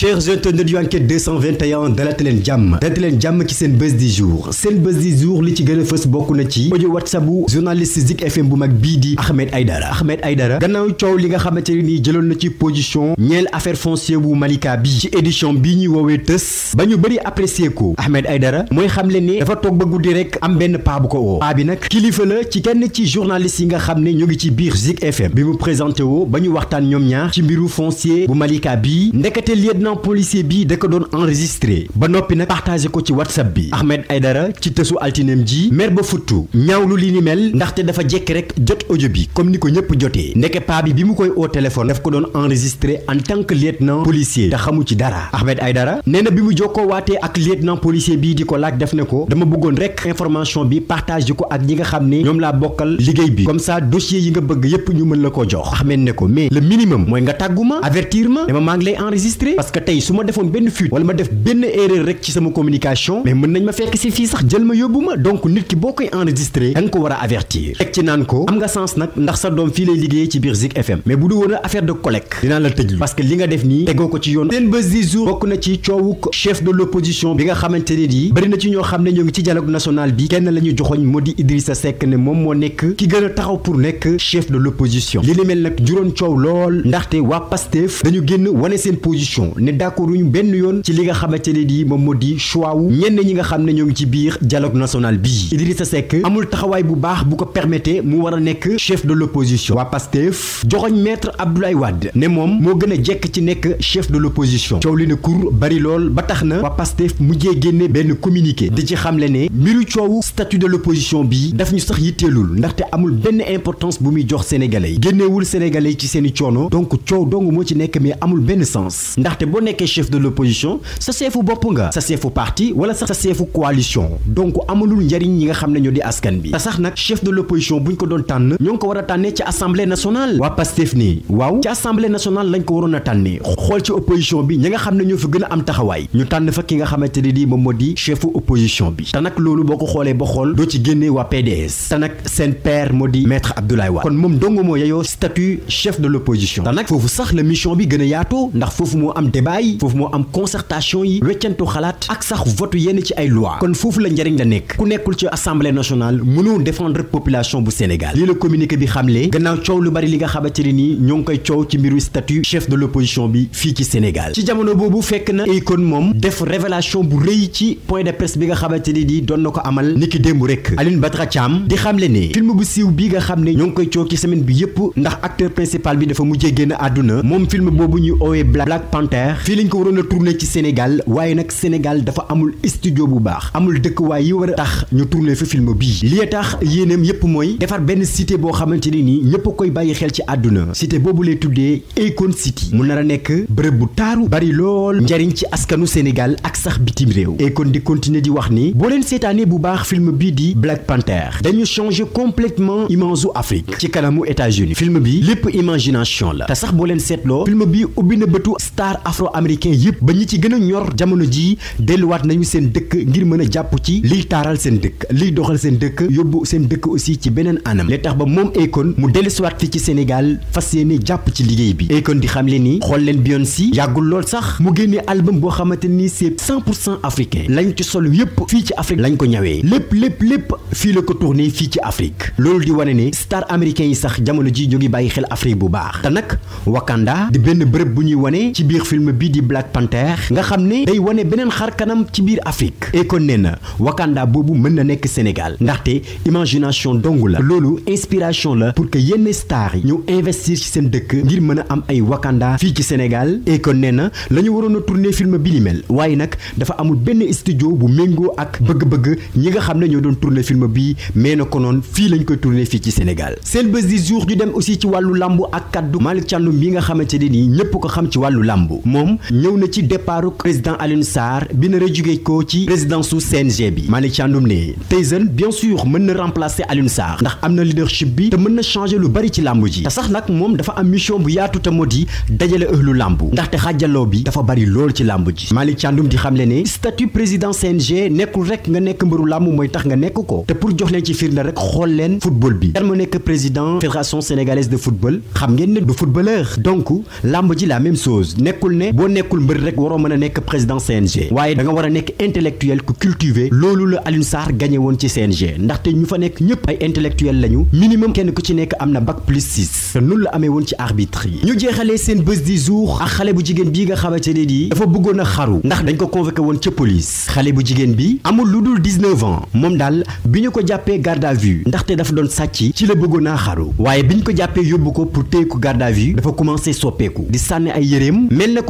chers internautes yu enquête 221 dalate leen jàmm dalate jàmm ci seen bés du jour seen bés du jour li ci gën a fës bokk na ci audio whatsapp bu journaliste Zik FM bu mag bii di Ahmed Aydara Ahmed Aydara gannaaw coow li nga xamante ne nii jëloon na ci position ñeel affaire foncière bu Malika bi ci édition bii ñuy woowee tës ba ñu bëri apprécier ko Ahmed Aydara mooy xam leen ne dafa toog ba guddi rek am benn paa bu ko woo paa bi nag kilifa la ci kenn ci journaliste yi nga xam ne ñu ngi ci biir Zik FM bi mu présenté woo ba ñu waxtaan ñoom ñaar ci mbiru foncier bu Malika bii ndekete accident policier bii da ko doon enregistré ba noppi nag partagé ko ci whatsapp bi Ahmed dara ci tësu altinem ji mer ba futtu ñaawlu li ni mel ndaxte dafa jekk rek jot ojo bi comme ni ko ñëpp jotee ndeke paa bi bi mu koy au téléphone daf ko doon enregistré en tant que na policier te xamu ci dara Ahmed dara nee na bi mu ko waatee ak lieutenant policier bii di ko laaj def ne ko dama bëggoon rek information bi partagé ko ak ñi nga xam ne ñoom laa bokkal liggéey bi comme ça dossier yi nga bëgg yépp ñu mën la ko jox Ahmed ne ko mais le minimum nga tàgguma ma dama maa ngi lay que tey su ma defoon benn fuite wala ma def benn erreur rek ci sama communication mais mën nañ ma fekk si fii sax jël ma yóbbu ma donc nit ki boo koy enregistré da nga ko war a avertir teg ci naan ko am nga sens nag ndax sa doom fii lay liggéeyee ci biir Zik FM mais bu du woon affaire de collecte dinaa la tëj parce que li nga def nii tegoo ko ci yoon seen di jour bokk na ci coowuk chef de l'opposition bi nga xamante ne nii bëri na ci ñoo xam ne ñoo ngi ci dialogue national bi kenn la ñu joxoñ moo di Idrissa Seck ne moom moo nekk ki gën a taxaw pour nekk chef de l'opposition li ni mel nag juróon coow lool ndaxte waa Pastef dañu génn wane seen position ne d'accorduñu benn yoon ci li nga xamante ne di moom moo di choix wu ñenn ñi nga xam ne ñoo ngi ci biir dialogue national bii Idrissa Seck amul taxawaay bu baax bu ko permettre mu war a nekk chef de l'opposition waa Pastef joxoñ maître Abdoulaye Wade ne moom moo gën a jekk ci nekk chef de l'opposition coow li ne kur bari lool ba tax na waa Pastef mujjee génne benn communiqué di ci xamle ne mbiru coowu statut de l'opposition bi daf ñu sax yitteelul ndaxte amul benn importance bu muy jox sénégalais yi génneewul sénégalais ci seeni coono donc coow dong moo ci nekk mais amul benn sens ndaxte boo nekkee chef de l'opposition sa seefu bopp nga sa seefu parti wala sa seefu coalition donc amalul njariñ ñi nga xam ne ñoo di askan bi te sax nag chef de l'opposition buñ ko doon tànn ñoo ko war a tànnee ci assemblée nationale waa Pastef nii waaw ci assemblée nationale lañ ko waroon a tànnee xool ci opposition bi ñi nga xam ne ñoo fi gën a am taxawaay ñu tànn fa ki nga xamante ne nii moom moo di chefu opposition bi te nag loolu boo ko xoolee xool doo ci génnee waa PDS te nag seen père moo di maître Abdoulaye Wade kon moom dong moo yeyoo bi gën débat yi foofu moo am concertation yi weccantu xalaat ak sax votu yenn ci ay loi kon foofu la njariñ la nekk ku nekkul ci assemblée nationale mënoo défendre population bu Sénégal lii la communiqué bi xamle gannaaw coow lu bari li nga xamante ne nii ñoo ngi koy coow ci mbiru statut chef de l'opposition bi fii ci Sénégal ci jamono boobu fekk na Akon moom def révélation bu rëy ci point de presse bi nga xamante ni nii doon na ko amal niki démb rek Aline Batra Thiam di xamle ne film bu siiw bi nga xam ne ñoo ngi koy coow ci semaine bi yépp ndax acteur principal bi dafa mujjee génn àdduna moom film boobu ñuy oowee Black Panther Dakar fii lañ ko waroon a ci Sénégal waaye nag Sénégal dafa amul studio bu baax amul dëkkuwaay yi war a tax ñu tourner fi film bii li tax yéeneem yépp mooy defar benn cité boo xamante ni nii ñépp koy bàyyi xel ci àdduna cité boobu lay tuddee Akon City mu nar a nekk bërëb bu taaru bari lool njariñ ci askanu Sénégal ak sax bitim réew Akon di continuer di wax ni boo leen seetaanee bu baax film bi di Black Panther dañu changer complètement image u Afrique ci kanamu États-Unis film bi lépp imagination la sax boo leen seetloo américain yëpp ba ñi ci gën a ñor jamono jii delluwaat nañu seen dëkk ngir mën a jàpp ci liy taaral seen dëkk liy doxal seen dëkk yóbbu seen dëkk aussi ci beneen anam li tax ba moom Akon mu dellusiwaat fii ci Sénégal fas yéene jàpp ci liggéey bi Akon di xamle ni xool leen Beyoncé yàggul lool sax mu génnee album boo xamante ni c'est cent pour cent africain lañ ci sol yëpp fii ci Afrique lañ ko ñawee lépp lépp lépp fii la fii ci Afrique loolu di wane ne star américain yi sax jamono ji ñu ngi bàyyi xel Afrique bu baax te bii di Black Panther nga xam ne day wane beneen xar kanam ci biir Afrique et kon nee na Wakanda boobu mën na nekk Sénégal ndaxte imagination dong la loolu inspiration la pour que yenn stars yi ñu investir ci seen dëkk ngir mën a am ay Wakanda fii ci Sénégal et kon nee na la ñu waroon a tourner film bi ni mel waaye nag dafa amul benn studio bu méngoo ak bëgg-bëgg ñi nga xam ne ñoo doon tourner film bi mais na ko noon fii lañ koy tourner fii ci Sénégal seen bés di dem aussi ci wàllu lambu ak kaddu Malick Thiandoum bi nga xamante ne nii ñëpp ko xam ci wàllu lambu moom ñëw na ci départu président Alioune Sarr bi nar a jóge ko ci présidence su CNG bi Malick Thiandoum ne Tyson bien sûr mën na remplacer Alioune Sarr ndax am na leadership bi te mën na changer lu bari ci làmb ji te sax nag moom dafa am mission bu yaatu te moo di dajale ëhlu làmb te xaajaloo bi dafa bari lool ci làmb ji Malick Thiandoum di xamle ne statut président CNG nekkul rek nga nekk mbëru làmb mooy tax nga nekk ko te pour jox leen ci firnde rek xool leen football bi kan moo nekk président fédération sénégalaise de football xam ngeen ne du footballeur donc làmb ji la même chose ne boo nekkul mbër rek waroo mën a nekk président CNG waaye da nga war a nekk intellectuel ku cultivé loolu la Alioune Sarr woon ci CNG ndaxte ñu fa nekk ñëpp ay intellectuel lañu minimum kenn ku ci nekk am na bac plus 6 te noonu la amee woon ci arbitre yi ñu jeexalee seen bés di jour ak xale bu jigéen bi nga xamante ne nii dafa bëggoon a xaru ndax dañ ko convoqué woon ca police xale bu jigéen bi amul lu dul 19 ans moom daal bi ñu ko jàppee garde à vue ndaxte doon sàcc ci la bëggoon a xaru waaye bi ñu ko jàppee yóbbu ko pour téye ko garde à dafa commencé soppeeku di sànni ay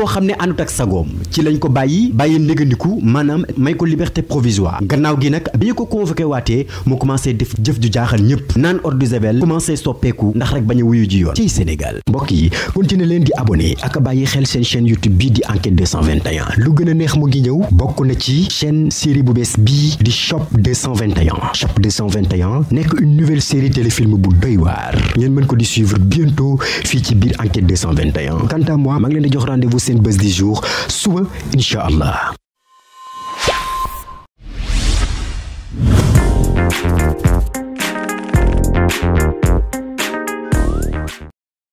xam ne àndut ak sagoom ci lañ ko bàyyi bàyyi négandiku maanaam may ko liberté provisoire gannaaw gi nag bi ñu ko convoqué waatee mu commencé def jëf ju jaaxal ñëpp naan ordre d'Isabelle commencé soppeeku ndax rek bañ a wuyu ji yoon ci Sénégal mbokk yi continué leen di abonné ak bàyyi xel seen chaîne YouTube bii di enquête 221 lu gën neex mu ngi ñëw bokk na ci chaîne série bu bees bii di Shop 221 Shop 221 nekk une nouvelle série téléfilm bu doy waar ngeen mën ko di suivre bientôt fii ci biir enquête 221 quant à moi maa ngi leen seen bés di jour suba incha allah